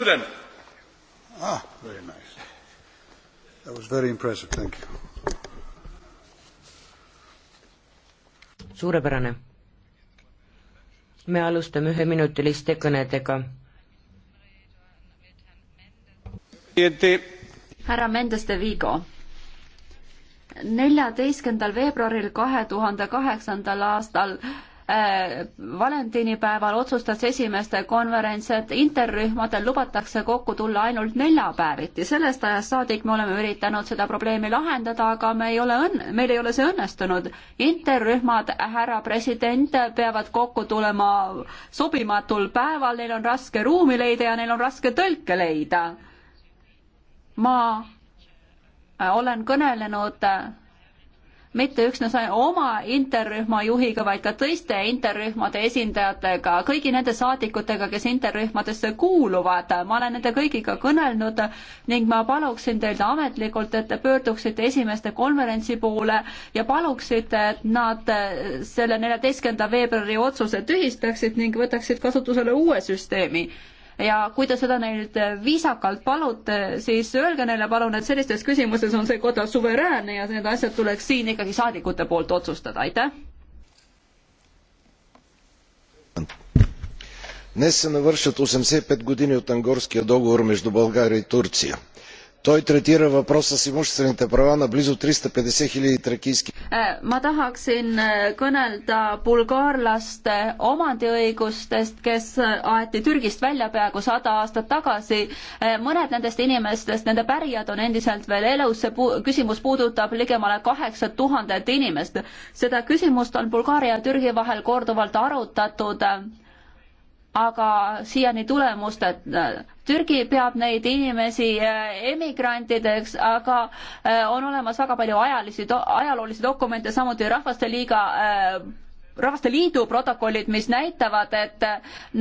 president. Ah, very nice. That was very impressive, thank you. suurepärane. me alustame üheminutiliste kõnedega. härra Mendes de Vigo neljateistkümnendal veebruaril kahe tuhande kaheksandal aastal Äh, valentinipäeval otsustas esimeste konverents, et interrühmadel lubatakse kokku tulla ainult neljapäeviti. sellest ajast saadik me oleme üritanud seda probleemi lahendada, aga me ei ole õnn-, meil ei ole see õnnestunud. interrühmad, härra president, peavad kokku tulema sobimatul päeval, neil on raske ruumi leida ja neil on raske tõlke leida. ma olen kõnelenud mitte üksnes oma interrühma juhiga, vaid ka teiste interrühmade esindajatega, kõigi nende saadikutega, kes interrühmadesse kuuluvad. ma olen nende kõigiga kõnelnud ning ma paluksin teilt ametlikult, et te pöörduksite esimeste konverentsi poole ja paluksite, et nad selle neljateistkümnenda veebruari otsuse tühistaksid ning võtaksid kasutusele uue süsteemi ja kui te seda neilt viisakalt palute, siis öelge neile palun, et sellistes küsimustes on see koda suveräänne ja need asjad tuleks siin ikkagi saadikute poolt otsustada, aitäh. днес се навършват 85 години от Ангорския договор между България и Турция Той третира въпроса с имуществените права на близо 350 хиляди тракийски. ma tahaksin kõnelda bulgaarlaste omandiõigustest, kes aeti Türgist välja peaaegu sada aastat tagasi. mõned nendest inimestest, nende pärijad on endiselt veel elus, see pu küsimus puudutab ligemale kaheksa tuhandet inimest. seda küsimust on Bulgaaria ja Türgi vahel korduvalt arutatud aga siiani tulemust, et Türgi peab neid inimesi äh, emigrantideks, aga äh, on olemas väga palju ajalisi, ajaloolisi dokumente, samuti Rahvaste Liiga äh, Rahvaste Liidu protokollid, mis näitavad, et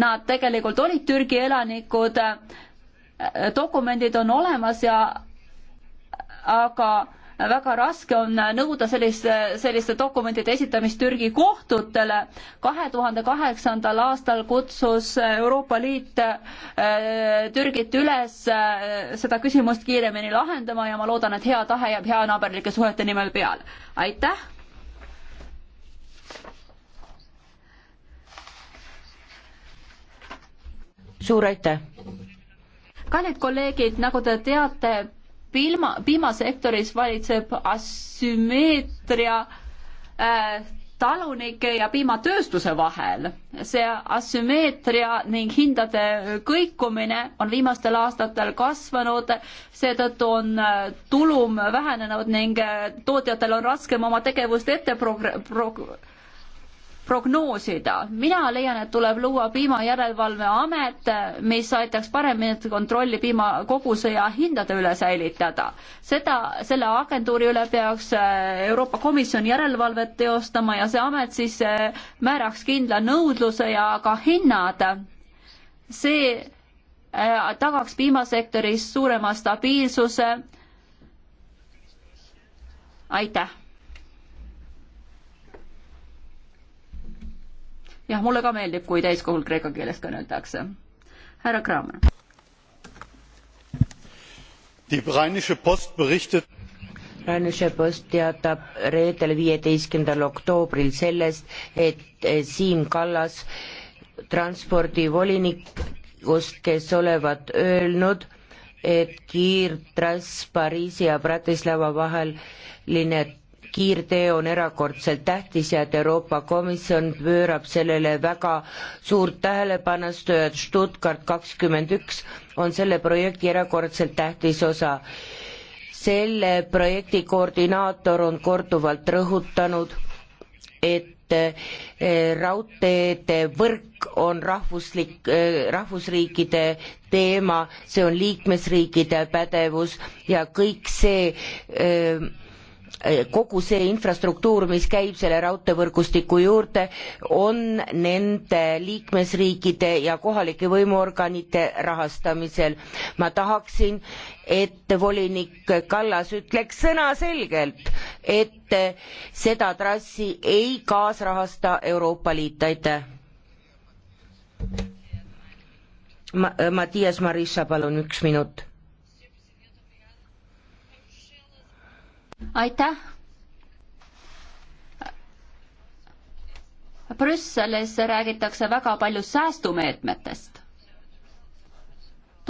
nad tegelikult olid Türgi elanikud, dokumendid on olemas ja aga väga raske on nõuda sellist, selliste dokumentide esitamist Türgi kohtutele. kahe tuhande kaheksandal aastal kutsus Euroopa Liit äh, Türgit üles äh, seda küsimust kiiremini lahendama ja ma loodan, et hea tahe jääb heanaaberlike suhete nimel peale. aitäh! suur aitäh! kallid kolleegid, nagu te teate, piima, piimasektoris valitseb asümmeetria äh, talunike ja piimatööstuse vahel. see asümmeetria ning hindade kõikumine on viimastel aastatel kasvanud, seetõttu on äh, tulum vähenenud ning äh, tootjatel on raskem oma tegevust ette prog-, prog-, prognoosida. mina leian, et tuleb luua piimajärelevalveamet, mis aitaks paremini kontrolli piimakoguse ja hindade üle säilitada. seda, selle agentuuri üle peaks äh, Euroopa Komisjon järelevalvet teostama ja see amet siis äh, määraks kindla nõudluse ja ka hinnad. see äh, tagaks piimasektoris suurema stabiilsuse. aitäh! jah, mulle ka meeldib, kui täiskogul kreeka keeles kõneldakse. härra Kramer. Die Rheinische Post berichtet Rheinische Post teatab reedel, viieteistkümnendal oktoobril sellest, et eh, Siim Kallas, transpordivolinikust, kes olevat öelnud, et kiirtrass Pariisi ja Bratislava vaheline kiirtee on erakordselt tähtis ja et Euroopa Komisjon pöörab sellele väga suurt tähelepanu, Stuttgart kakskümmend üks on selle projekti erakordselt tähtis osa. selle projekti koordinaator on korduvalt rõhutanud, et eh, raudteede võrk on rahvuslik, eh, rahvusriikide teema, see on liikmesriikide pädevus ja kõik see öö, eh, Eh, kogu see infrastruktuur, mis käib selle raudteevõrgustiku juurde, on nende liikmesriikide ja kohalike võimuorganite rahastamisel. ma tahaksin, et volinik Kallas ütleks sõnaselgelt, et seda trassi ei kaasrahasta Euroopa Liit, aitäh. Ma-, Mattias Marissa, palun üks minut aitäh. Brüsselis räägitakse väga palju säästumeetmetest.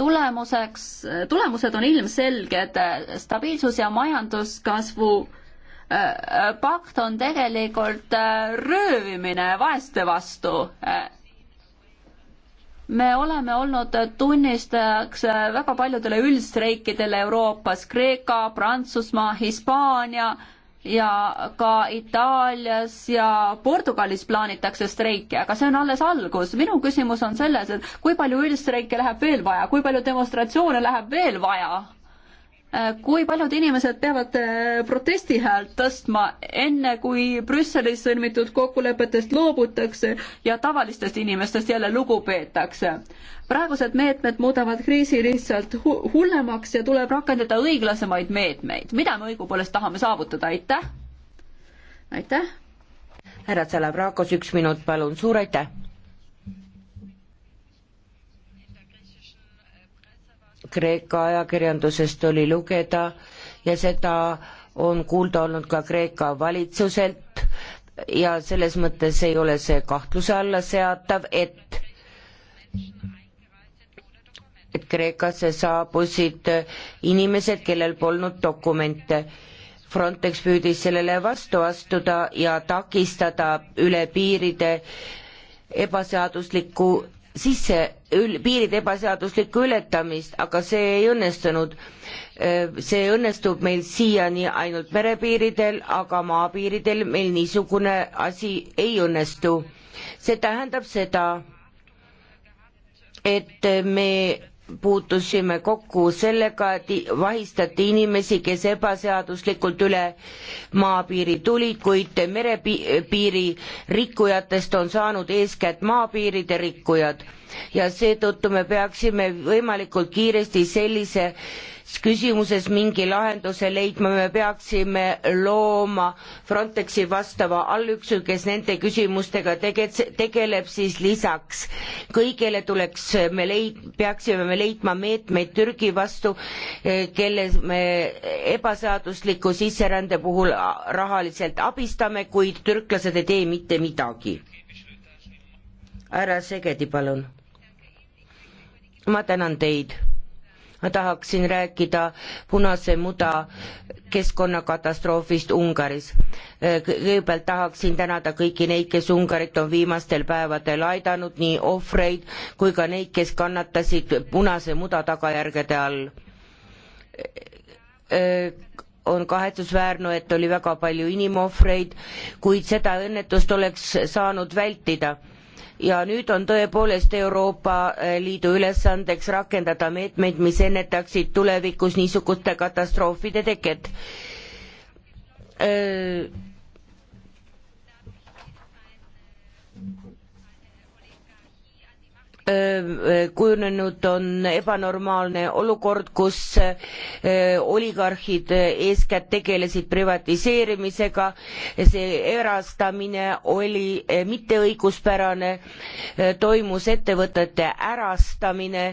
tulemuseks, tulemused on ilmselged, stabiilsus ja majanduskasvu äh, äh, pakt on tegelikult äh, röövimine vaeste vastu me oleme olnud tunnistajaks väga paljudele üldstreikidele Euroopas, Kreeka, Prantsusmaa, Hispaania ja ka Itaalias ja Portugalis plaanitakse streike, aga see on alles algus. minu küsimus on selles, et kui palju üldstreike läheb veel vaja, kui palju demonstratsioone läheb veel vaja? Äh, kui paljud inimesed peavad äh, protestihäält tõstma, enne kui Brüsselis sõlmitud kokkulepetest loobutakse ja tavalistest inimestest jälle lugu peetakse. praegused meetmed muudavad kriisi lihtsalt hu hullemaks ja tuleb rakendada õiglasemaid meetmeid. mida me õigupoolest tahame saavutada, aitäh! aitäh! härra Tsalavrakos, üks minut, palun, suur aitäh! Kreeka ajakirjandusest oli lugeda ja seda on kuulda olnud ka Kreeka valitsuselt ja selles mõttes ei ole see kahtluse alla seatav, et et Kreekasse saabusid inimesed, kellel polnud dokumente. Frontex püüdis sellele vastu astuda ja takistada üle piiride ebaseaduslikku sisse ül-, piiride ebaseaduslikku ületamist, aga see ei õnnestunud. Äh, see õnnestub meil siiani ainult merepiiridel, aga maapiiridel meil niisugune asi ei õnnestu. see tähendab seda, et me puutusime kokku sellega, et vahistati inimesi, kes ebaseaduslikult üle maapiiri tulid, kuid merepiiri rikkujatest on saanud eeskätt maapiiride rikkujad ja seetõttu me peaksime võimalikult kiiresti sellises küsimuses mingi lahenduse leidma, me peaksime looma Frontexi vastava allüksus, kes nende küsimustega tege-, tegeleb, siis lisaks kõigele tuleks me leid-, peaksime me leidma meetmeid Türgi vastu, eh, kelle me ebaseadusliku sisserände puhul rahaliselt abistame, kuid türklased ei tee mitte midagi. härra Segedi, palun ma tänan teid. ma tahaksin rääkida Punase muda keskkonnakatastroofist Ungaris. kõigepealt tahaksin tänada kõiki neid, kes Ungarit on viimastel päevadel aidanud, nii ohvreid kui ka neid, kes kannatasid Punase muda tagajärgede all on kahetsusväärne, et oli väga palju inimohvreid, kuid seda õnnetust oleks saanud vältida ja nüüd on tõepoolest Euroopa eh, Liidu ülesandeks rakendada meetmeid, mis ennetaksid tulevikus niisuguste katastroofide teket eh, Äh, äh, kujunenud on ebanormaalne olukord, kus äh, oligarhid eeskätt tegelesid privatiseerimisega, see erastamine oli mitteõiguspärane, toimus ettevõtete ärastamine,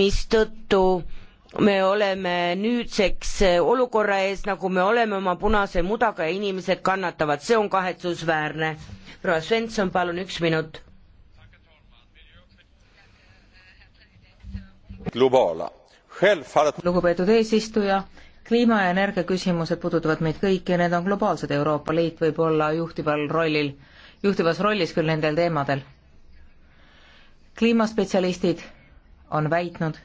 mistõttu me oleme nüüdseks olukorra ees, nagu me oleme oma punase mudaga ja inimesed kannatavad, see on kahetsusväärne. proua Svensson, palun üks minut lugupeetud eesistuja, kliima ja energiaküsimused puudutavad meid kõiki ja need on globaalsed, Euroopa Liit võib olla juhtival rollil, juhtivas rollis küll nendel teemadel. kliimaspetsialistid on väitnud,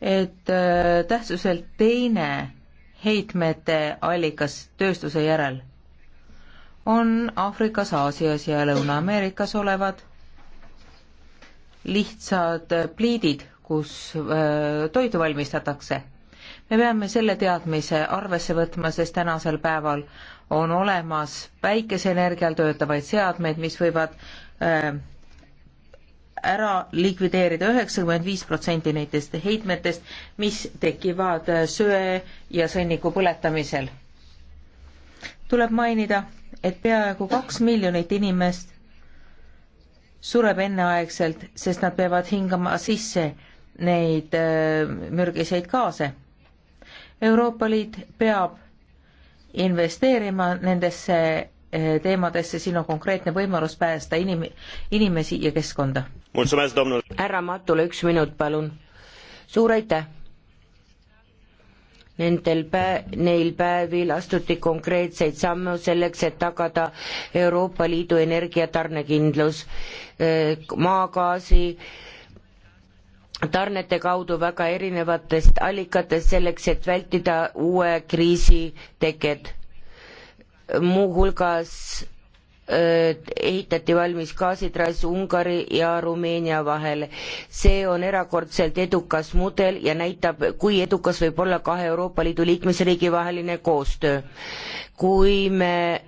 et äh, tähtsuselt teine heitmete allikas tööstuse järel on Aafrikas, Aasias ja Lõuna-Ameerikas olevad lihtsad pliidid, kus äh, toidu valmistatakse. me peame selle teadmise arvesse võtma, sest tänasel päeval on olemas päikeseenergial töötavaid seadmeid, mis võivad äh, ära likvideerida üheksakümmend viis protsenti nendest heitmetest, mis tekivad äh, söe ja sõnniku põletamisel. tuleb mainida, et peaaegu kaks miljonit inimest sureb enneaegselt, sest nad peavad hingama sisse neid äh, mürgiseid gaase. Euroopa Liit peab investeerima nendesse äh, teemadesse, siin on konkreetne võimalus päästa inim-, inimesi ja keskkonda. härra Matula, üks minut, palun. suur aitäh nendel pä-, neil päevil astuti konkreetseid samme selleks, et tagada Euroopa Liidu energiatarnekindlus äh, maagaasi tarnete kaudu väga erinevatest allikatest selleks, et vältida uue kriisi teket. muuhulgas ehitati valmis gaasitrass Ungari ja Rumeenia vahel. see on erakordselt edukas mudel ja näitab, kui edukas võib olla kahe Euroopa Liidu liikmesriigi vaheline koostöö. kui me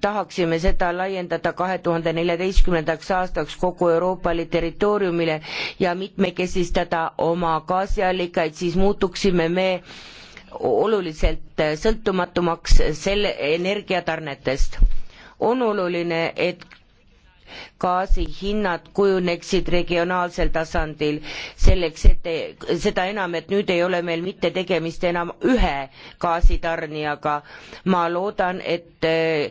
tahaksime seda laiendada kahe tuhande neljateistkümnendaks aastaks kogu Euroopa Liidu territooriumile ja mitmekesistada oma gaasiallikaid, siis muutuksime me oluliselt sõltumatumaks selle energiatarnetest on oluline, et gaasi hinnad kujuneksid regionaalsel tasandil selleks, et seda enam, et nüüd ei ole meil mitte tegemist enam ühe gaasitarnijaga. ma loodan, et eh,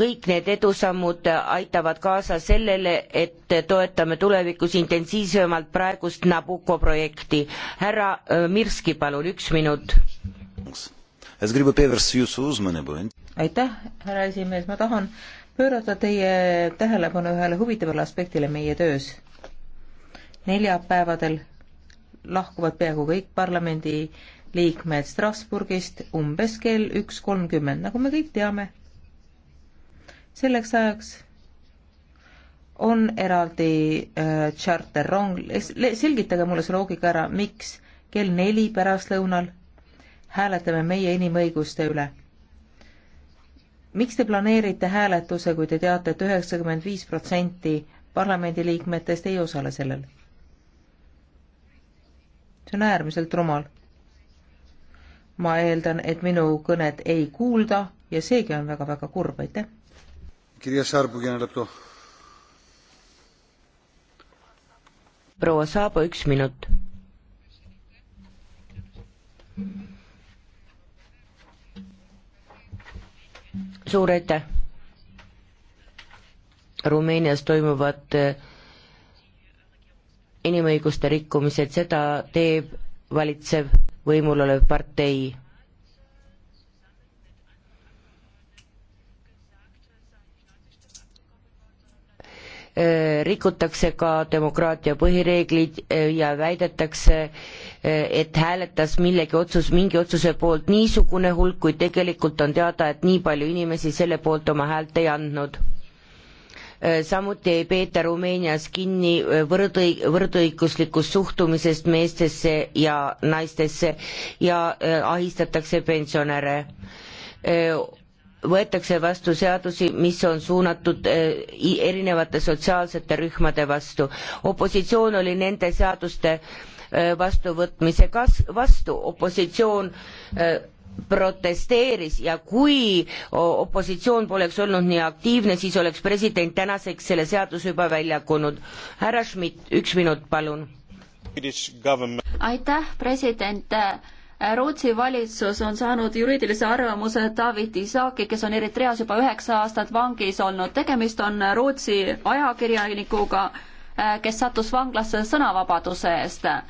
kõik need edusammud aitavad kaasa sellele, et toetame tulevikus intensiivsemalt praegust Nabucco projekti. härra eh, Mirski, palun, üks minut aitäh, härra esimees, ma tahan pöörata teie tähelepanu ühele huvitavale aspektile meie töös. neljapäevadel lahkuvad peaaegu kõik parlamendi liikmed Strasburgist umbes kell üks kolmkümmend, nagu me kõik teame. selleks ajaks on eraldi äh, tšarterrong, selgitage mulle see loogika ära, miks kell neli pärastlõunal hääletame meie inimõiguste üle. miks te planeerite hääletuse, kui te teate et, et üheksakümmend viis protsenti parlamendiliikmetest ei osale sellel? see on äärmiselt rumal. ma eeldan, et minu kõnet ei kuulda ja seegi on väga-väga kurb, aitäh. proua Saabo, üks minut. suur aitäh! Rumeenias toimuvad äh, inimõiguste rikkumised, seda teeb valitsev võimul olev partei Äh, rikutakse ka demokraatia põhireeglid äh, ja väidetakse, äh, et hääletas millegi otsus, mingi otsuse poolt niisugune hulk, kuid tegelikult on teada, et nii palju inimesi selle poolt oma häält ei andnud samuti ei peeta Rumeenias kinni võrdõi-, võrdõiguslikust suhtumisest meestesse ja naistesse ja ahistatakse pensionäre võetakse vastu seadusi, mis on suunatud eh, erinevate sotsiaalsete rühmade vastu. opositsioon oli nende seaduste eh, vastuvõtmise kas-, vastu, opositsioon eh, protesteeris ja kui opositsioon poleks olnud nii aktiivne, siis oleks president tänaseks selle seaduse juba välja kunud. härra Schmidt, üks minut, palun. aitäh, president Rootsi valitsus on saanud juriidilise arvamuse David Isaaki, kes on Eritreas juba üheksa aastat vangis olnud. tegemist on Rootsi ajakirjanikuga, äh, kes sattus vanglasse sõnavabaduse eest äh,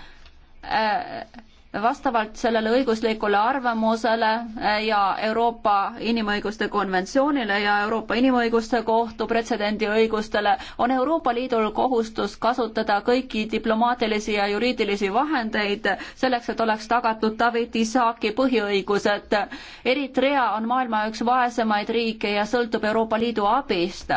vastavalt sellele õiguslikule arvamusele eh, ja Euroopa Inimõiguste Konventsioonile ja Euroopa Inimõiguste Kohtu pretsedendiõigustele on Euroopa Liidul kohustus kasutada kõiki diplomaatilisi ja juriidilisi vahendeid selleks, et oleks tagatud David Isaaki põhiõigused. Eritrea on maailma üks vaesemaid riike ja sõltub Euroopa Liidu abist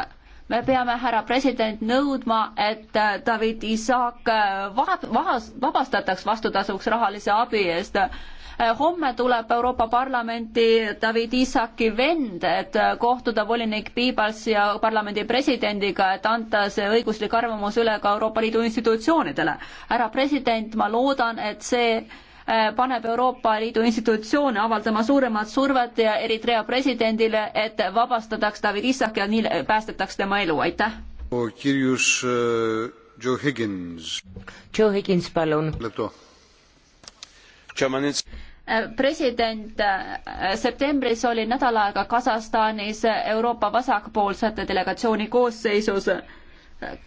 me peame, härra president, nõudma, et äh, David Isaak äh, vahas, vabastataks vastutasuks rahalise abi eest. Äh, homme tuleb Euroopa Parlamenti David Isaki vend, et kohtuda volinik Piibals ja parlamendi presidendiga, et anda see õiguslik arvamus üle ka Euroopa Liidu institutsioonidele. härra president, ma loodan, et see Äh, paneb Euroopa Liidu institutsioone avaldama suuremat survet ja Eritrea presidendile, et vabastataks David Issak ja nii päästetaks tema elu, aitäh. kirjus äh, Joe Higgins. Joe Higgins, palun. Äh, president, septembris oli nädal aega Kasahstanis Euroopa vasakpoolsete delegatsiooni koosseisus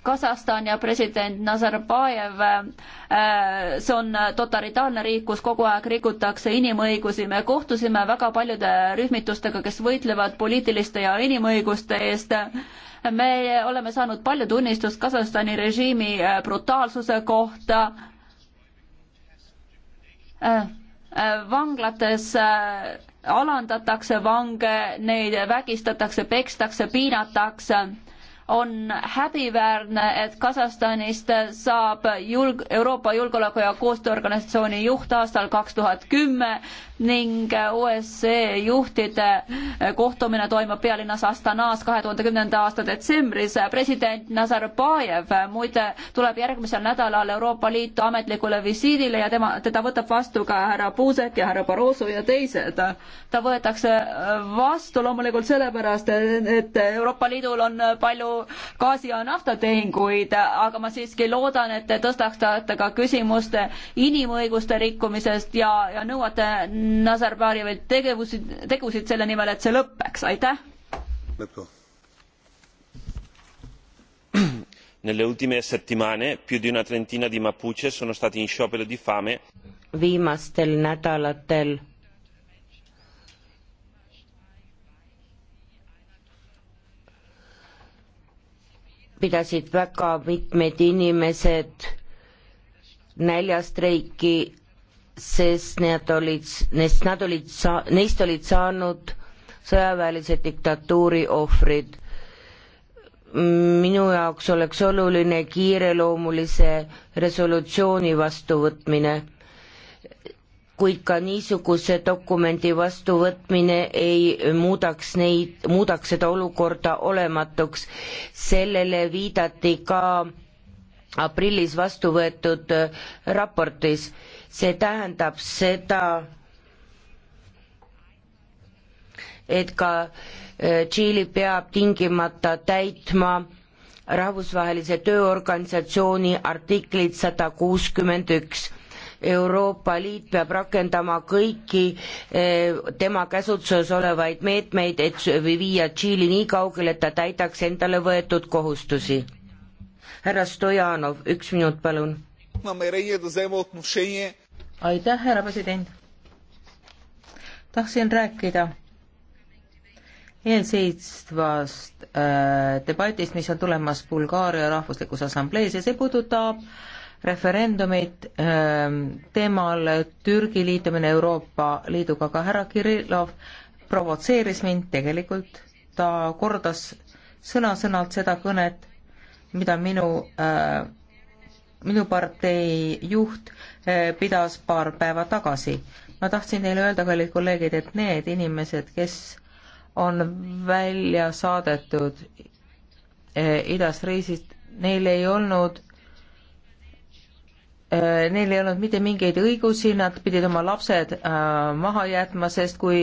Kasahstani ja president Nazarbajev, äh, see on totalitaarne riik, kus kogu aeg rikutakse inimõigusi, me kohtusime väga paljude rühmitustega, kes võitlevad poliitiliste ja inimõiguste eest, me oleme saanud palju tunnistust Kasahstani režiimi äh, brutaalsuse kohta, äh, vanglates alandatakse vange, neid vägistatakse, pekstakse, piinatakse on häbiväärne, et Kasahstanist saab julg-, Euroopa Julgeoleku ja Koostööorganisatsiooni juht aastal kaks tuhat kümme ning OSCE juhtide kohtumine toimub pealinnas Astanas kahe tuhande kümnenda aasta detsembris. president Nazarbajev muide tuleb järgmisel nädalal Euroopa Liitu ametlikule visiidile ja tema, teda võtab vastu ka härra Puusek ja härra Barroso ja teised. ta võetakse vastu loomulikult sellepärast, et Euroopa Liidul on palju gaasitu-, gaasi- ja naftatehinguid, aga ma siiski loodan, et te tõstatate ka küsimust inimõiguste rikkumisest ja, ja nõuate Nazarbajevilt tegevusi, tegusid selle nimel, et see lõpeks, aitäh! Nelle ultime settimane più di una trentina di Mapuche sono stati in sciopero di fame. viimastel nädalatel pidasid väga mitmed inimesed näljastreiki, sest need olid, sest nad olid, neist olid saanud sõjaväelise diktatuuri ohvrid. minu jaoks oleks oluline kiireloomulise resolutsiooni vastuvõtmine kuid ka niisuguse dokumendi vastuvõtmine ei muudaks neid, muudaks seda olukorda olematuks. sellele viidati ka aprillis vastu võetud äh, raportis. see tähendab seda, et ka äh, Tšiili peab tingimata täitma rahvusvahelise tööorganisatsiooni artiklit sada kuuskümmend üks Euroopa Liit peab rakendama kõiki eh, tema käsutuses olevaid meetmeid, et viia Tšiili nii kaugele, et ta täidaks endale võetud kohustusi. härra Stojanov, üks minut, palun. aitäh, härra president. tahtsin rääkida eelseisvast äh, debatist, mis on tulemas Bulgaaria Rahvuslikus Assamblees ja see puudutab äh, referendumit ähm, teemal Türgi liitumine Euroopa Liiduga, aga härra Kirillov provotseeris mind tegelikult, ta kordas sõna-sõnalt seda kõnet, mida minu, äh, minu partei juht äh, pidas paar päeva tagasi. ma tahtsin teile öelda, kallid kolleegid, et need inimesed, kes on välja saadetud äh, idast reisist, neil ei olnud Äh, neil ei olnud mitte mingeid õigusi, nad pidid oma lapsed äh, maha jätma, sest kui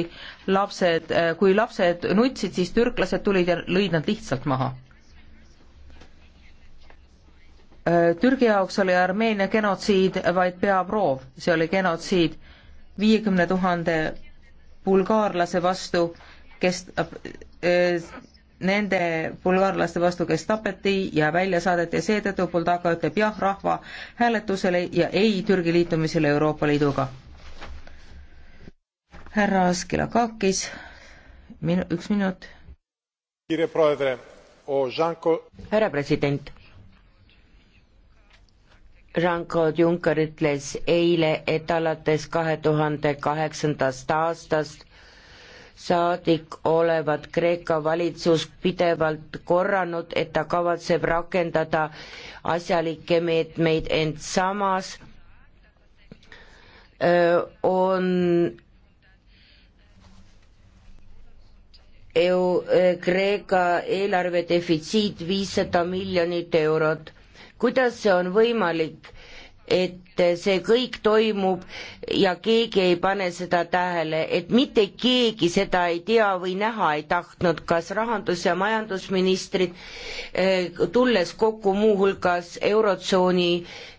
lapsed äh,, kui lapsed nutsid, siis türklased tulid ja lõid nad lihtsalt maha äh,. Türgi jaoks oli Armeenia genotsiid vaid peaproov, see oli genotsiid viiekümne tuhande bulgaarlase vastu, kes äh, nende bulgaarlaste vastu, kes tapeti ja välja saadeti, seetõttu Bulgaria ütleb jah rahvahääletusele ja ei Türgi liitumisele Euroopa Liiduga. härra Skilakakis, minu, üks minut. härra president. Jean-Claude Juncker ütles eile, et alates kahe tuhande kaheksandast aastast saadik olevat Kreeka valitsus pidevalt korranud, et ta kavatseb rakendada asjalikke meetmeid, ent samas öö, on EU, Kreeka eelarve defitsiit viissada miljonit eurot. kuidas see on võimalik? et see kõik toimub ja keegi ei pane seda tähele, et mitte keegi seda ei tea või näha ei tahtnud, kas rahandus- ja majandusministrid, eh, tulles kokku muuhulgas Eurotsooni,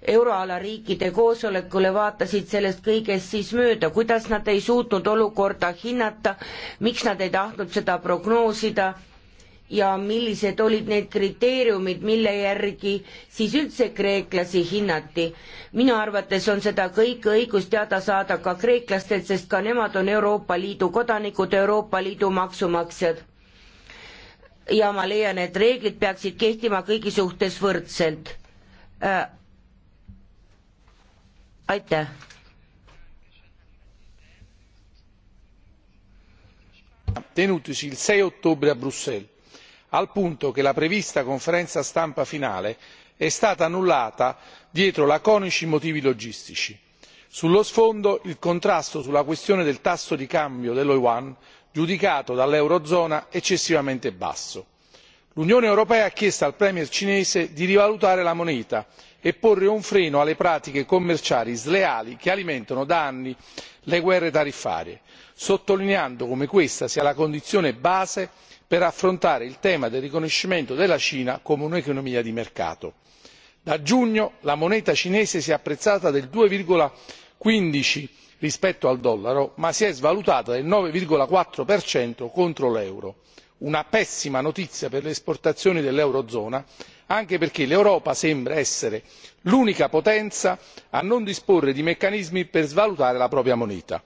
euroala riikide koosolekule, vaatasid sellest kõigest siis mööda, kuidas nad ei suutnud olukorda hinnata, miks nad ei tahtnud seda prognoosida ja millised olid need kriteeriumid, mille järgi siis üldse kreeklasi hinnati. minu arvates on seda kõike õigus teada saada ka kreeklastelt, sest ka nemad on Euroopa Liidu kodanikud, Euroopa Liidu maksumaksjad. ja ma leian, et reeglid peaksid kehtima kõigi suhtes võrdselt äh,. aitäh. tenutusi see oktoober Brüssel al punto che la prevista conferenza stampa finale è stata annullata dietro laconici motivi logistici. sullo sfondo il contrasto sulla questione del tasso di cambio dello yuan giudicato dall'eurozona eccessivamente basso. l'unione europea ha chiesto al premier cinese di rivalutare la moneta e porre un freno alle pratiche commerciali sleali che alimentano da anni le guerre tariffarie sottolineando come questa sia la condizione base per affrontare il tema del riconoscimento della cina come un'economia di mercato. da giugno la moneta cinese si è apprezzata del due quindici rispetto al dollaro ma si è svalutata del nove quattro contro l'euro una pessima notizia per le esportazioni dell'eurozona anche perché l'europa sembra essere l'unica potenza a non disporre di meccanismi per svalutare la propria moneta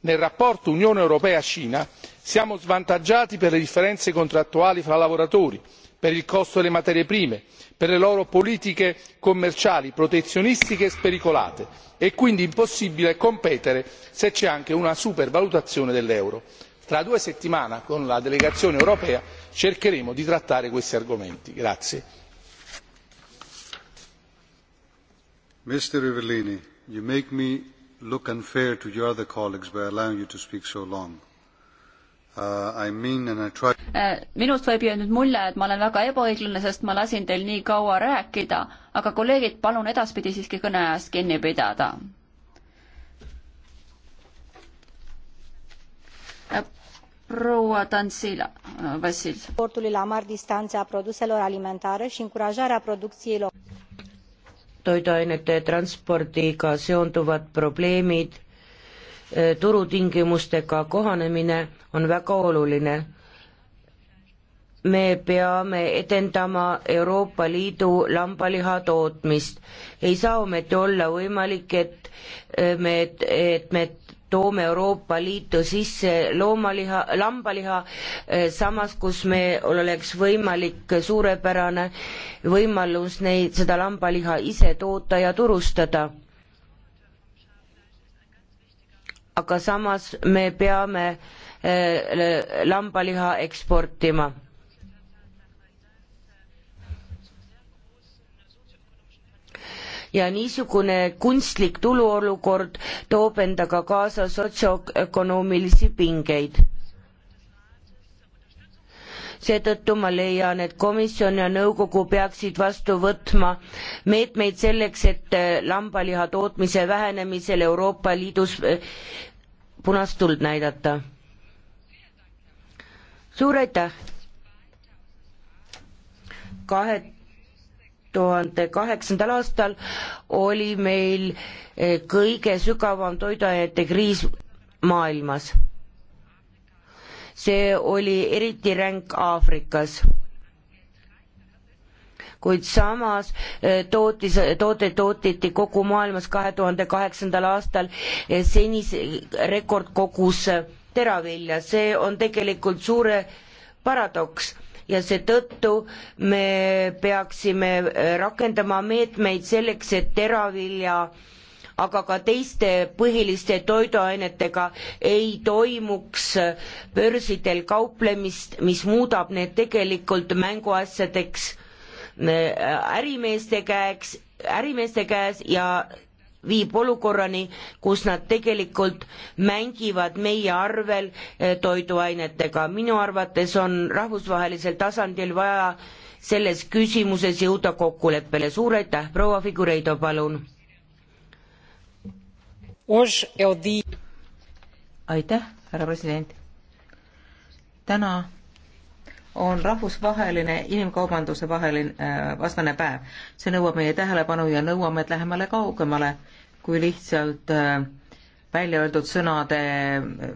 nel rapporto unione europea cina siamo svantaggiati per le differenze contrattuali fra lavoratori per il costo delle materie prime per le loro politiche commerciali protezionistiche e spericolate è e quindi impossibile competere se c'è anche una supervalutazione dell'euro. tra due settimane con la delegazione europea cercheremo di trattare questi argomenti look unfair to your other colleagues by allowing you to speak so long. Uh, I mean and I try äh, minust võib ju nüüd mulje, et ma olen väga ebaõiglane, sest ma lasin teil nii kaua rääkida, aga kolleegid, palun edaspidi siiski kõneajast kinni pidada. Äh, proua Tantsila, äh, Vassil. importului la mari distanțe a produselor alimentare și încurajarea producției locale toiduainete transpordiga seonduvad probleemid, eh, turutingimustega kohanemine on väga oluline. me peame edendama Euroopa Liidu lambaliha tootmist. ei saa ometi olla võimalik, et eh, me, et me toome Euroopa Liitu sisse loomaliha, lambaliha, eh, samas kus meil oleks võimalik suurepärane võimalus neid, seda lambaliha ise toota ja turustada. aga samas me peame eh, lambaliha eksportima ja niisugune kunstlik tuluolukord toob endaga kaasa sotsioökonoomilisi pingeid seetõttu ma leian, et komisjon ja nõukogu peaksid vastu võtma meetmeid selleks, et lambaliha tootmise vähenemisel Euroopa Liidus eh, punast tuld näidata. suur aitäh! kahe tuhande kaheksandal aastal oli meil eh, kõige sügavam toiduainete kriis maailmas. see oli eriti ränk Aafrikas. kuid samas eh, tootis, tooteid tootiti kogu maailmas kahe tuhande kaheksandal aastal eh, senise rekordkogus teravilja, see on tegelikult suure paradoks ja seetõttu me peaksime äh, rakendama meetmeid selleks, et teravilja aga ka teiste põhiliste toiduainetega ei toimuks äh, börsidel kauplemist, mis muudab need tegelikult mänguasjadeks äh, ärimeeste käeks, ärimeeste käes ja viib olukorrani, kus nad tegelikult mängivad meie arvel eh, toiduainetega. minu arvates on rahvusvahelisel tasandil vaja selles küsimuses jõuda kokkuleppele. suur aitäh, proua Figureido, palun. aitäh, härra president. täna on rahvusvaheline inimkaubanduse vaheline äh, vastane päev. see nõuab meie tähelepanu ja nõuame, et läheme kaugemale kui lihtsalt äh, välja öeldud sõnade äh,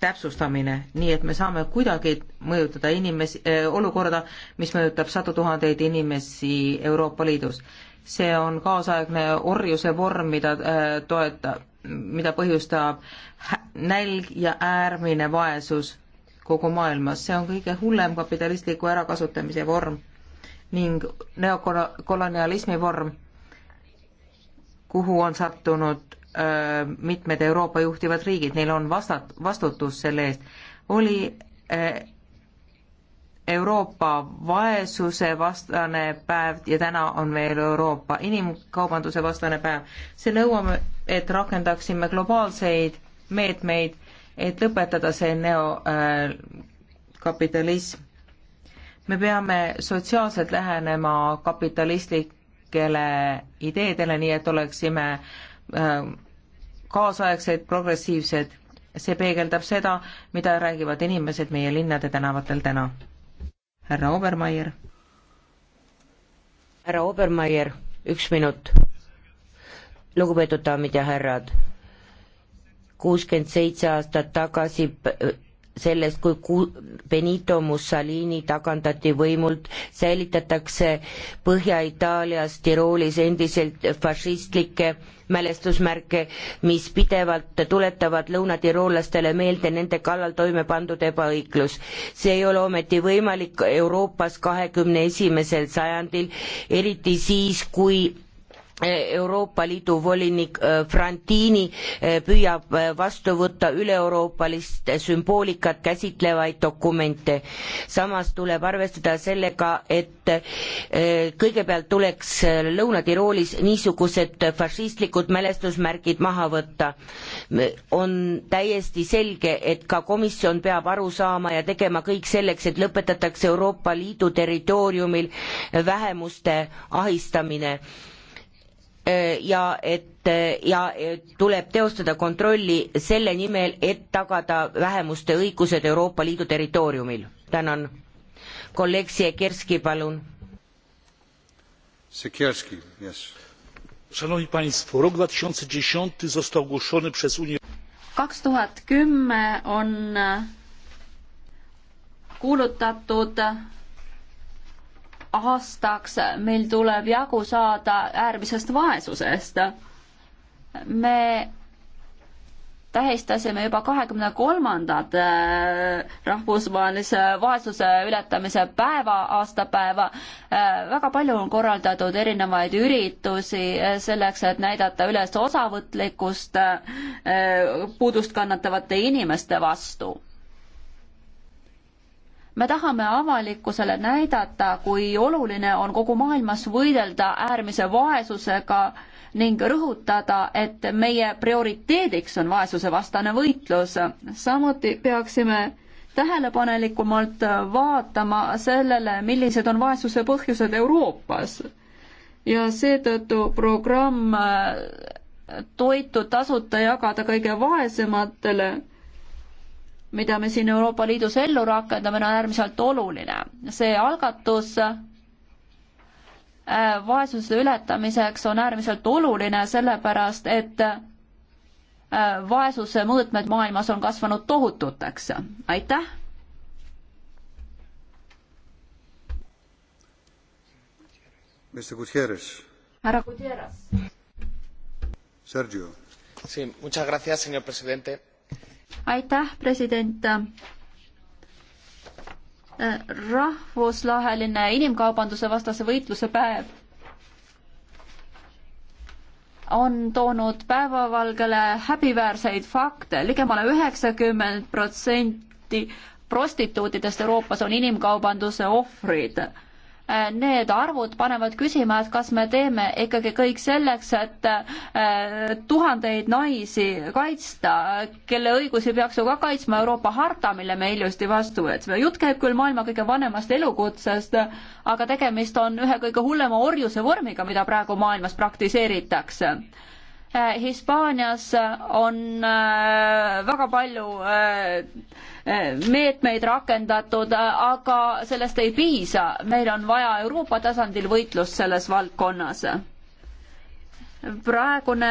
täpsustamine, nii et me saame kuidagi mõjutada inimesi äh,, olukorda, mis mõjutab sadu tuhandeid inimesi Euroopa Liidus. see on kaasaegne orjuse vorm, mida äh, toetab, mida põhjustab nälg ja äärmine vaesus kogu maailmas. see on kõige hullem kapitalistliku ärakasutamise vorm ning neokolonialismi vorm, kuhu on sattunud öö, mitmed Euroopa juhtivad riigid, neil on vastat-, vastutus selle eest. oli öö, Euroopa vaesuse vastane päev ja täna on meil Euroopa inimkaubanduse vastane päev. see nõuame, et rakendaksime globaalseid meetmeid et lõpetada see neokapitalism äh,. me peame sotsiaalselt lähenema kapitalistlikele ideedele, nii et oleksime äh, kaasaegsed, progressiivsed. see peegeldab seda, mida räägivad inimesed meie linnade tänavatel täna. härra Obermeier. härra Obermeier, üks minut. lugupeetud daamid ja härrad kuuskümmend seitse aastat tagasi sellest, kui ku-, Benito Mussolini tagandati võimult, säilitatakse Põhja-Itaalias, Tiroolis endiselt fašistlikke mälestusmärke, mis pidevalt tuletavad lõunatiroolastele meelde nende kallal toime pandud ebaõiglus. see ei ole ometi võimalik Euroopas kahekümne esimesel sajandil, eriti siis, kui Euroopa Liidu volinik äh, Frantini äh, püüab äh, vastu võtta üle-euroopalist sümboolikat käsitlevaid dokumente. samas tuleb arvestada sellega, et kõigepealt tuleks Lõuna-Tiroolis niisugused fašistlikud mälestusmärgid maha võtta. on täiesti selge, et ka komisjon peab aru saama ja tegema kõik selleks, et lõpetatakse Euroopa Liidu territooriumil vähemuste ahistamine Äh, ja et äh, ja et äh, tuleb teostada kontrolli selle nimel, et tagada vähemuste õigused Euroopa Liidu territooriumil. tänan. kolleeg Siekierski, palun. Siekierski, yes. Szanowni Państwo, rok 2010 został ogłoszony przez Unię kaks tuhat kümme on kuulutatud aastaks meil tuleb jagu saada äärmisest vaesusest. me tähistasime juba kahekümne kolmandat äh, rahvusvahelise vaesuse ületamise päeva, aastapäeva. Äh, väga palju on korraldatud erinevaid üritusi äh, selleks, et näidata üles osavõtlikkust puudust kannatavate inimeste vastu me tahame avalikkusele näidata, kui oluline on kogu maailmas võidelda äärmise vaesusega ning rõhutada, et meie prioriteediks on vaesusevastane võitlus. samuti peaksime tähelepanelikumalt vaatama sellele, millised on vaesuse põhjused Euroopas. ja seetõttu programm äh, toitu tasuta jagada kõige vaesematele mida me siin Euroopa Liidus ellu rakendame, on äärmiselt oluline. see algatus äh, vaesuse ületamiseks on äärmiselt oluline, sellepärast et äh, vaesuse mõõtmed maailmas on kasvanud tohututeks. aitäh! härra Gutierrez. Sergio. Sí, muchas gracias, señor presidente aitäh, president äh, rahvuslaheline inimkaubanduse vastase võitluse päev on toonud päevavalgele häbiväärseid fakte. ligemale üheksakümmend protsenti prostituutidest Euroopas on inimkaubanduse ohvrid need arvud panevad küsima, et kas me teeme ikkagi kõik selleks, et äh, tuhandeid naisi kaitsta, kelle õigusi peaks ju ka kaitsma Euroopa harta, mille me hiljuti vastu võtsime. jutt käib küll maailma kõige vanemast elukutsest, aga tegemist on ühe kõige hullema orjuse vormiga, mida praegu maailmas praktiseeritakse Äh, Hispaanias äh, on äh, väga palju meetmeid rakendatud, aga sellest ei piisa, meil on vaja Euroopa tasandil võitlust selles valdkonnas praegune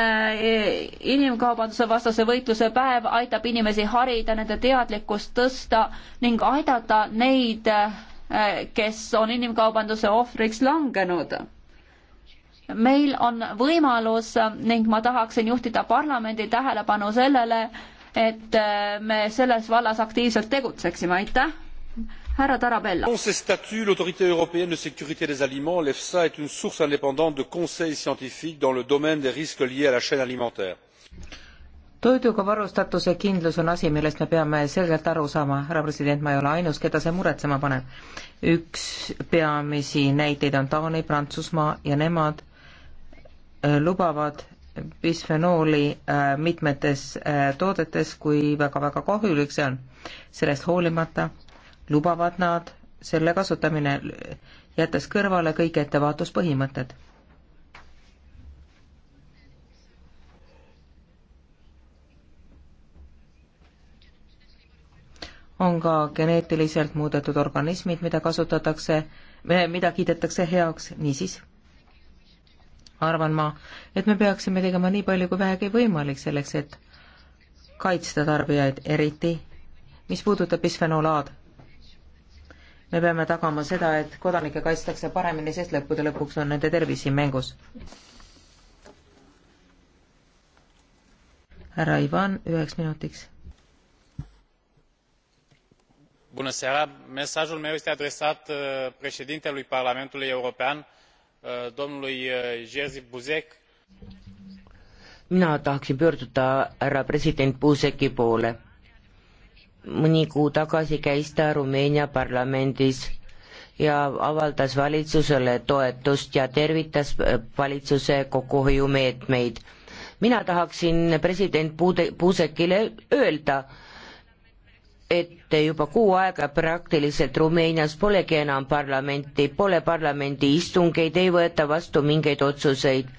inimkaubanduse vastase võitluse päev aitab inimesi harida, nende teadlikkust tõsta ning aidata neid, kes on inimkaubanduse ohvriks langenud meil on võimalus ning ma tahaksin juhtida parlamendi tähelepanu sellele, et äh, me selles vallas aktiivselt tegutseksime, aitäh. härra Tarabella. Ses statuts, l'autorité européenne de sécurité des aliments, l'EFSA, est une source indépendante de conseils scientifiques dans le domaine des risques liés à la chaîne alimentaire. toiduga varustatuse kindlus on asi, millest me peame selgelt aru saama, härra president, ma ei ole ainus, keda see muretsema paneb. üks peamisi näiteid on Taani, Prantsusmaa ja nemad Äh, lubavad bisfenooli äh, mitmetes äh, toodetes, kui väga-väga kahjulik see on. sellest hoolimata lubavad nad selle kasutamine, jättes kõrvale kõik ettevaatuspõhimõtted. on ka geneetiliselt muudetud organismid, mida kasutatakse, mida kiidetakse heaks, niisiis arvan ma, et me peaksime tegema nii palju kui vähegi võimalik selleks, et kaitsta tarbijaid eriti, mis puudutab bisfenool A-d. me peame tagama seda, et kodanikke kaitstakse paremini, sest lõppude lõpuks on nende tervis siin mängus. härra Ivan, üheks minutiks. mesajul meu este adresat eh, președintelui Parlamentului European Eh, domnului eh, Jerzy Buzek. mina tahaksin pöörduda härra president Buzeki poole. mõni kuu tagasi käis ta Rumeenia parlamendis ja avaldas valitsusele toetust ja tervitas eh, valitsuse kokkuhoiumeetmeid. mina tahaksin president Puude-, Buzekile öelda, et juba kuu aega praktiliselt Rumeenias polegi enam parlamenti, pole parlamendi istungeid, ei võeta vastu mingeid otsuseid.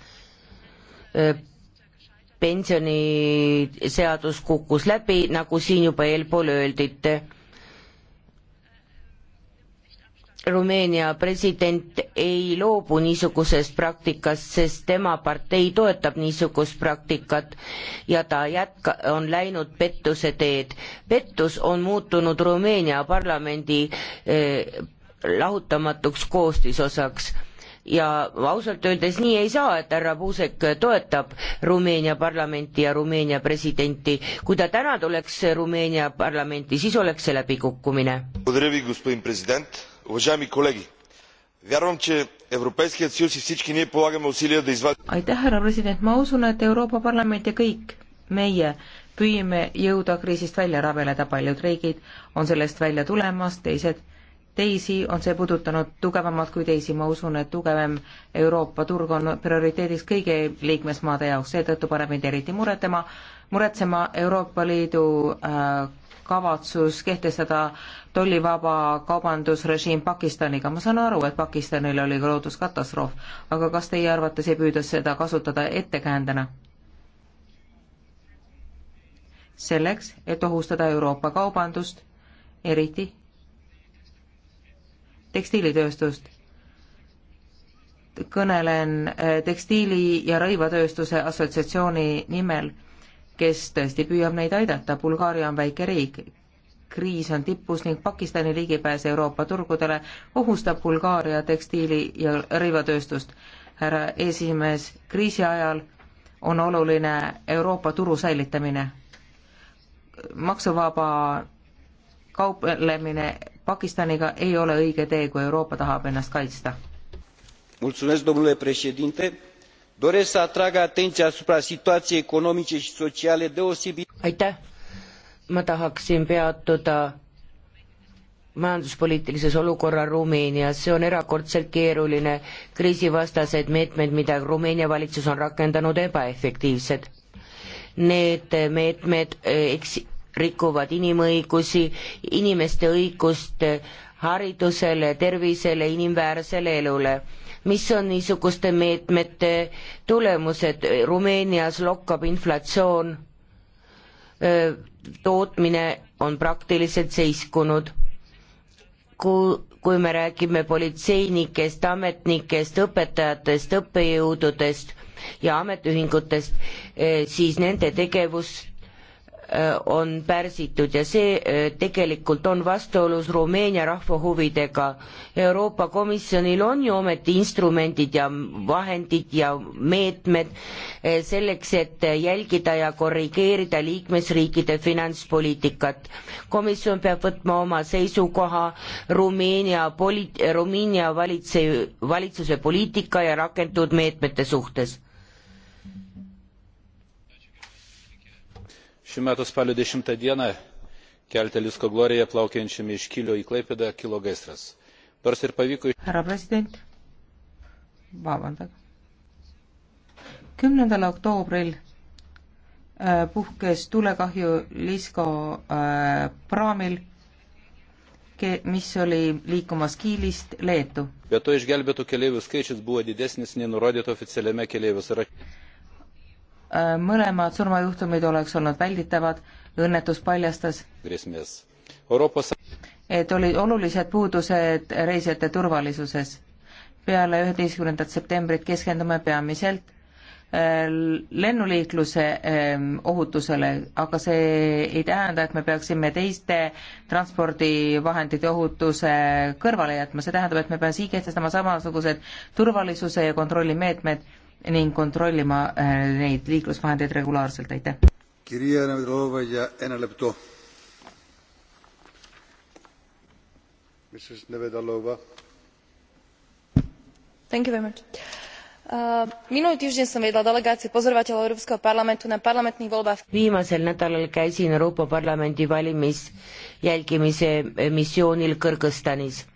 pensioniseadus kukkus läbi, nagu siin juba eelpool öeldite Rumeenia president ei loobu niisugusest praktikast, sest tema partei toetab niisugust praktikat ja ta jätka-, on läinud pettuse teed. pettus on muutunud Rumeenia parlamendi eh, lahutamatuks koostisosaks ja ausalt öeldes nii ei saa, et härra Puusek toetab Rumeenia parlamenti ja Rumeenia presidenti. kui ta täna tuleks Rumeenia parlamenti, siis oleks see läbikukkumine уважаеми колеги! вярвам че европейският съюз и всички ние полагаме усилия да извадим. aitäh härra president ma usun et euroopa parlament ja kõik meie püüame jõuda kriisist välja rabeleda paljud riigid on sellest välja tulemas teised teisi on see puudutanud tugevamalt kui teisi, ma usun, et tugevam Euroopa turg on prioriteediks kõigi liikmesmaade jaoks, seetõttu paneb mind eriti muretsema muretsema Euroopa Liidu äh, kavatsus kehtestada tollivaba kaubandusrežiim Pakistaniga. ma saan aru, et Pakistanil oli looduskatastroof, aga kas teie arvates ei püüda seda kasutada ettekäändena? selleks, et ohustada Euroopa kaubandust, eriti tekstiilitööstust. kõnelen äh, tekstiili- ja rõivatööstuse assotsiatsiooni nimel kes tõesti püüab neid aidata, Bulgaaria on väike riik, kriis on tipus ning Pakistani ligipääs Euroopa turgudele ohustab Bulgaaria tekstiili- ja rõivatööstust. härra esimees, kriisi ajal on oluline Euroopa turu säilitamine. maksuvaba kauplemine Pakistaniga ei ole õige tee, kui Euroopa tahab ennast kaitsta. mulțumesc, domnule președinte doresc să atrag atenia asupra situaiei economice i sociale deosebit ma tahaksin peatuda majanduspoliitilises olukorra Rumeenias, see on erakordselt keeruline, kriisivastased meetmed, mida Rumeenia valitsus on rakendanud, ebaefektiivsed. Need meetmed eh, eks rikuvad inimõigusi, inimeste õigust haridusele, tervisele, inimväärsele elule mis on niisuguste meetmete tulemused, Rumeenias lokkab inflatsioon, tootmine on praktiliselt seiskunud. kui, kui me räägime politseinikest, ametnikest, õpetajatest, õppejõududest ja ametiühingutest, eh, siis nende tegevus Äh, on pärsitud ja see äh, tegelikult on vastuolus Rumeenia rahva huvidega. Euroopa Komisjonil on ju ometi instrumendid ja vahendid ja meetmed äh, selleks, et jälgida ja korrigeerida liikmesriikide finantspoliitikat. komisjon peab võtma oma seisukoha Rumeenia poli-, Rumeenia valitse, valitsuse poliitika ja rakendatud meetmete suhtes šių metų spalio dešimt d kelte lisco gloria plaukiančiame iš kylio į klaipėdą kilo gaisras. nors ir pavyko. härra president vabandage. kümnendal oktoobril äh, puhkes tulekahju Lisko äh, praamil, mis oli liikumas Kiilist Leetu. be to išgelbėtų keleivių skaičius buvo didesnis nei nurodyta oficialiame keleivių sąraše Äh, mõlemad surmajuhtumid oleks olnud välditavad, õnnetus paljastas, et olid olulised puudused reisijate turvalisuses. peale üheteistkümnendat septembrit keskendume peamiselt äh, lennuliikluse ähm, ohutusele, aga see ei tähenda, et me peaksime teiste transpordivahendite ohutuse kõrvale jätma, see tähendab, et me peame siin kehtestama samasugused turvalisuse ja kontrollimeetmed ning kontrollima äh, neid liiklusvahendeid regulaarselt, aitäh. kirja Nevedova ja Ene Lepto. Mrs Nevedalova. Thank you very much. Uh, minulý týždeň som viedla delegáciu pozorovateľov Európskeho parlamentu na parlamentných voľbách. Viimasel nädalal käisin Euroopa Parlamendi valimis jälgimise missioonil Kõrgõzstanis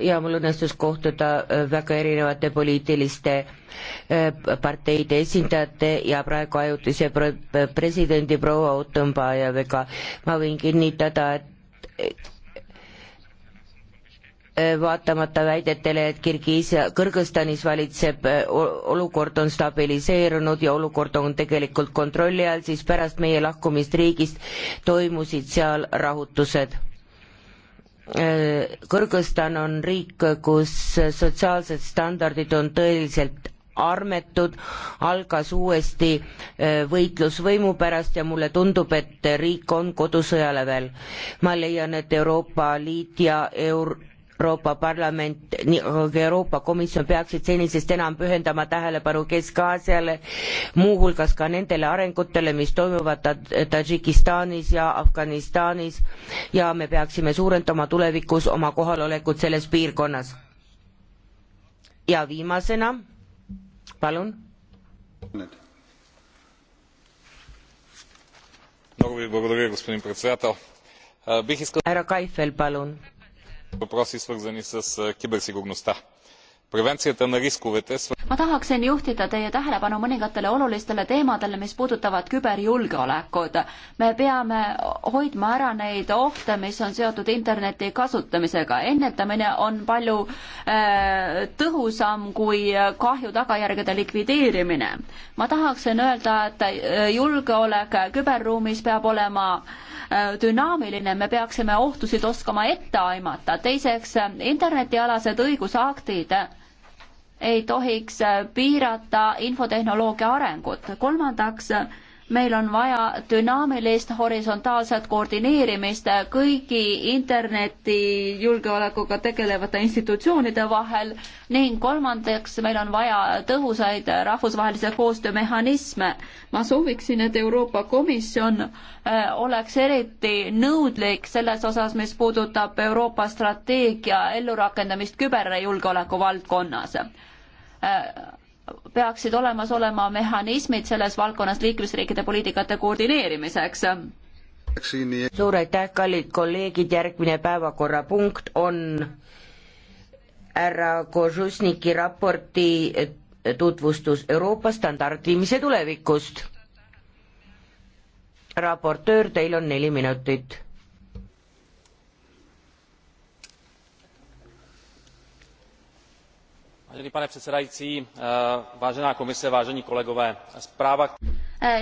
ja mul õnnestus kohtuda äh, väga erinevate poliitiliste äh, parteide esindajate ja praegu ajutise äh, presidendi proua Otunbaevaga. ma võin kinnitada, et vaatamata väidetele, et Kirgiisia, Kõrgõzstanis valitseb, olukord on stabiliseerunud ja olukord on tegelikult kontrolli all, siis pärast meie lahkumist riigist toimusid seal rahutused Äh, Kõrgõzstan on riik, kus sotsiaalsed standardid on tõeliselt armetud, algas uuesti äh, võitlus võimu pärast ja mulle tundub, et riik on kodusõjale veel. ma leian, et Euroopa Liit ja Euro-, Euroopa Parlament, Euroopa Komisjon peaksid senisest enam pühendama tähelepanu Kesk-Aasiale, muuhulgas ka nendele arengutele, mis toimuvad Tadžikistanis ja Afganistanis ja me peaksime suurendama tulevikus oma kohalolekut selles piirkonnas. ja viimasena, palun. härra Kaifel, palun въпроси свързани с киберсигурността ma tahaksin juhtida teie tähelepanu mõningatele olulistele teemadele, mis puudutavad küberjulgeolekut. me peame hoidma ära neid ohte, mis on seotud interneti kasutamisega. ennetamine on palju äh, tõhusam kui kahju tagajärgede likvideerimine. ma tahaksin öelda, et äh, julgeolek küberruumis peab olema äh, dünaamiline, me peaksime ohtusid oskama ette aimata. teiseks, internetialased õigusaktid ei tohiks piirata infotehnoloogia arengut. kolmandaks, meil on vaja dünaamilist horisontaalset koordineerimist kõigi interneti julgeolekuga tegelevate institutsioonide vahel ning kolmandaks, meil on vaja tõhusaid rahvusvahelise koostöö mehhanisme. ma sooviksin, et Euroopa Komisjon äh, oleks eriti nõudlik selles osas, mis puudutab Euroopa strateegia ellurakendamist küberjulgeoleku valdkonnas Äh, peaksid olemas olema mehhanismid selles valdkonnas liikmesriikide poliitikate koordineerimiseks. suur aitäh, kallid kolleegid, järgmine päevakorrapunkt on härra Kožusniki raporti tutvustus Euroopa standardviimise tulevikust. raportöör, teil on neli minutit pane předsedající eh, vážená komise vážení kolegové zpráva eh,